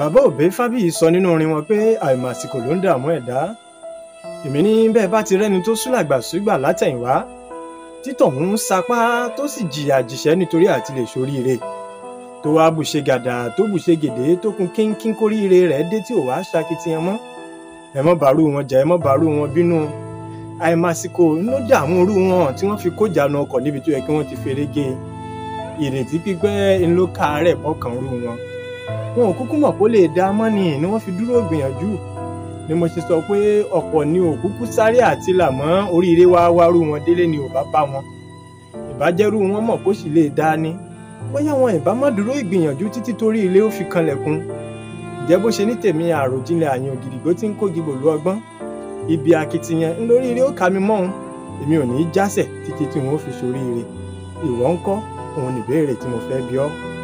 bàbá òbí fábíyì sọ nínú orin wọn pé àìmàsìkò ló ń dààmú ẹ̀dá èmi ní bẹ́ẹ̀ bá ti rẹ́ni tó súlàgbà súgbà látẹ̀yìnwá títọ̀hún ń sapá tó sì jìyà jìṣẹ́ nítorí àti lè ṣoríire tó wá bùṣe gàdà tó bùṣe gèdè tó kun kínkín kóríire rẹ̀ dé tí ò wá ṣakitiyan mọ́ ẹ mọ́ bàrú wọn jẹ́ ẹ mọ́ bàrú wọn bínú àìmàsìkò ló dààmú irú wọn tí wọ́n fi kó jàánu ọkọ̀ níbi tó yẹ kí wọ́n ti feré gé ìrètí pípẹ́ ńlọ bọ́kàn irú wọn wọn ò kúkú mọ̀ kó lè dá mọ́nì ni wọ́n fi dúró gbìyànjú ni mo ṣe sọ pé ọ̀pọ̀ ni ò kúkú sáré àti là mọ́ oríire wá wárú wọn délé ni ò bá bá wọn ìbájẹ́rú wọn mọ̀ kó sì lè dá ni bóyá wọn ìbá má dúró ìgbìyànjú títí torí ilé ó fi kanlẹ̀kùn ìjẹ́ bó ṣe ní tèmi àròjinlẹ̀ àyàn ògìdìgbò tí ń kógi bòlú ọgbọ́n ibi akitiyan ń lórí eré ó ka mi mọ́hun èmi ò ní í jásẹ̀ títí tí wọn ó fi ṣoríire ìwọ ńkọ́ òun nìbéèrè tí mo fẹ́ bi ọ́.